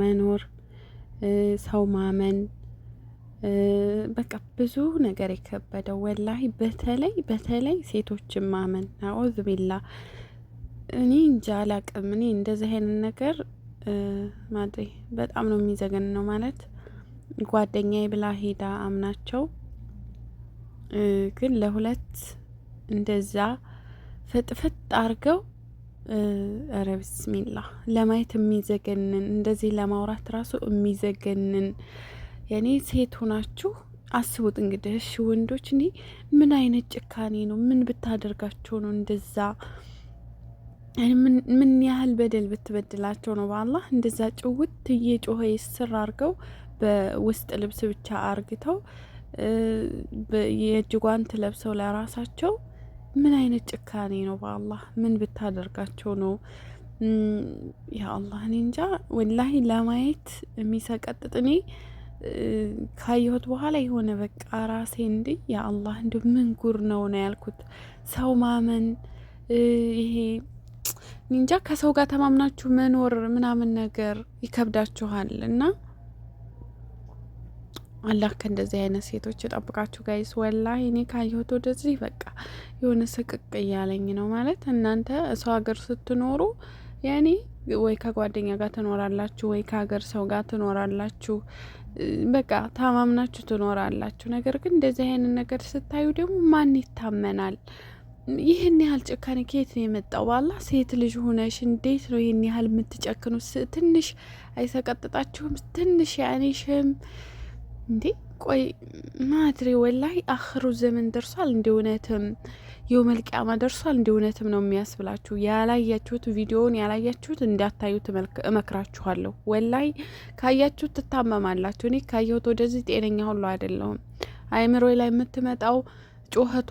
መኖር ሰው ማመን በቃ ብዙ ነገር የከበደው ወላሂ፣ በተለይ በተለይ ሴቶችን ማመን አዑዝ ቢላ። እኔ እንጃ አላቅም። እኔ እንደዚህ አይነት ነገር ማድሬ በጣም ነው የሚዘገን ነው ማለት ጓደኛዬ ብላ ሄዳ አምናቸው ግን ለሁለት እንደዛ ፍጥፍጥ አርገው ኧረ ብስሚላ ለማየት የሚዘገንን እንደዚህ ለማውራት ራሱ የሚዘገንን የኔ ሴት ሆናችሁ አስቡት እንግዲህ እሺ ወንዶች እኔ ምን አይነት ጭካኔ ነው ምን ብታደርጋቸው ነው እንደዛ ምን ያህል በደል ብትበድላቸው ነው በአላህ እንደዛ ጭውት እየጮኸ ስር አርገው በውስጥ ልብስ ብቻ አርግተው የእጅጓንት ጓንት ለብሰው ለራሳቸው ምን አይነት ጭካኔ ነው? በአላህ ምን ብታደርጋቸው ነው? ያ አላህ እኔ እንጃ ወላሂ ለማየት የሚሰቀጥጥ እኔ ካየሁት በኋላ የሆነ በቃ ራሴ እንዲ ያ አላህ እንዲ ምን ጉር ነው ነው ያልኩት። ሰው ማመን ይሄ እንጃ ከሰው ጋር ተማምናችሁ መኖር ምናምን ነገር ይከብዳችኋል እና አላህ ከእንደዚህ አይነት ሴቶች የጠብቃችሁ ጋይስ። ወላሂ እኔ ካየሁት ወደዚህ በቃ የሆነ ስቅቅ እያለኝ ነው ማለት እናንተ ሰው ሀገር ስትኖሩ ያኔ ወይ ከጓደኛ ጋር ትኖራላችሁ፣ ወይ ከሀገር ሰው ጋር ትኖራላችሁ። በቃ ታማምናችሁ ትኖራላችሁ። ነገር ግን እንደዚህ አይነት ነገር ስታዩ ደግሞ ማን ይታመናል? ይህን ያህል ጭካኔ ከየት ነው የመጣው? ባላ ሴት ልጅ ሆነሽ እንዴት ነው ይህን ያህል የምትጨክኑት? ትንሽ አይሰቀጥጣችሁም? ትንሽ ያኔ እንዴ ቆይ ማድሬ ወላይ አኽሩ ዘመን ደርሷል። እንዲ እውነትም የውመልቅያማ ደርሷል። እንዲ እውነትም ነው የሚያስብላችሁ። ያላያችሁት ቪዲዮውን ያላያችሁት እንዳታዩት እመክራችኋለሁ። ወላይ ካያችሁት ትታመማላችሁ። እኔ ካየሁት ወደዚህ ጤነኛ ሁሉ አይደለሁም። አይምሮ ላይ የምትመጣው ጩኸቷ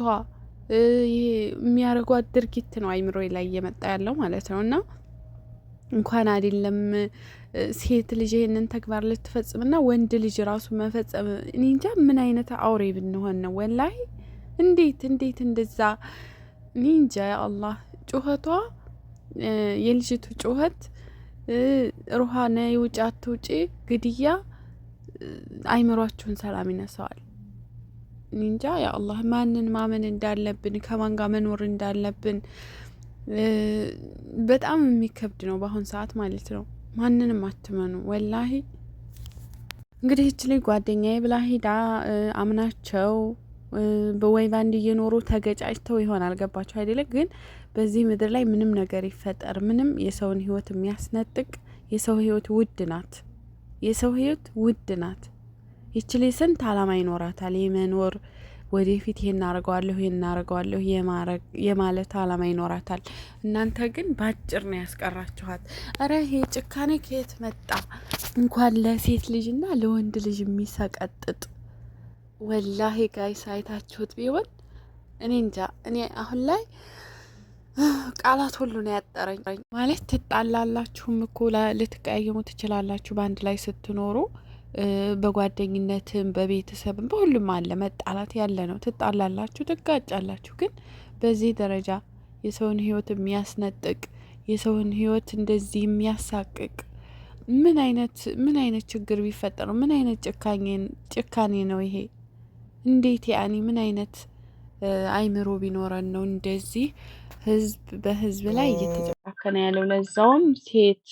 የሚያደርጓት ድርጊት ነው አይምሮ ላይ እየመጣ ያለው ማለት ነው እና እንኳን አይደለም ሴት ልጅ ይህንን ተግባር ልትፈጽምና ወንድ ልጅ ራሱ መፈጸም እኔ እንጃ ምን አይነት አውሬ ብንሆን ነው ወላይ እንዴት እንዴት እንደዛ እኔ እንጃ። አላህ ጩኸቷ የልጅቱ ጩኸት ሩሃ ነይ ውጭ አትውጪ ግድያ አይምሯችሁን ሰላም ይነሳዋል። እኔ እንጃ። ያ አላህ ማንን ማመን እንዳለብን ከማን ጋር መኖር እንዳለብን በጣም የሚከብድ ነው በአሁን ሰዓት ማለት ነው። ማንንም አትመኑ ወላሂ። እንግዲህ ይች ልጅ ጓደኛዬ ብላ ሂዳ አምናቸው ወይ ባንድ እየኖሩ ተገጫጭተው ይሆናል። ገባቸው አይደለ? ግን በዚህ ምድር ላይ ምንም ነገር ይፈጠር ምንም የሰውን ህይወት የሚያስነጥቅ የሰው ህይወት ውድ ናት። የሰው ህይወት ውድ ናት። ይች ስንት አላማ ይኖራታል የመኖር ወደፊት ይሄ እናደርገዋለሁ ይሄ እናደርገዋለሁ የማለት አላማ ይኖራታል። እናንተ ግን በአጭር ነው ያስቀራችኋት። እረ ይሄ ጭካኔ ከየት መጣ? እንኳን ለሴት ልጅና ለወንድ ልጅ የሚሰቀጥጥ ወላሂ ጋይስ ሳይታችሁት ቢሆን እኔ እንጃ። እኔ አሁን ላይ ቃላት ሁሉ ነው ያጠረኝ። ማለት ትጣላላችሁም እኮ ልትቀያየሙ ትችላላችሁ በአንድ ላይ ስትኖሩ በጓደኝነትም በቤተሰብም በሁሉም አለ መጣላት ያለ ነው። ትጣላላችሁ፣ ትጋጫላችሁ። ግን በዚህ ደረጃ የሰውን ህይወት የሚያስነጥቅ የሰውን ህይወት እንደዚህ የሚያሳቅቅ ምን አይነት ምን አይነት ችግር ቢፈጠሩ ነው? ምን አይነት ጭካኔ ነው ይሄ? እንዴት ያኒ ምን አይነት አይምሮ ቢኖረን ነው እንደዚህ ህዝብ በህዝብ ላይ እየተጨካከነ ያለው? ለዛውም ሴት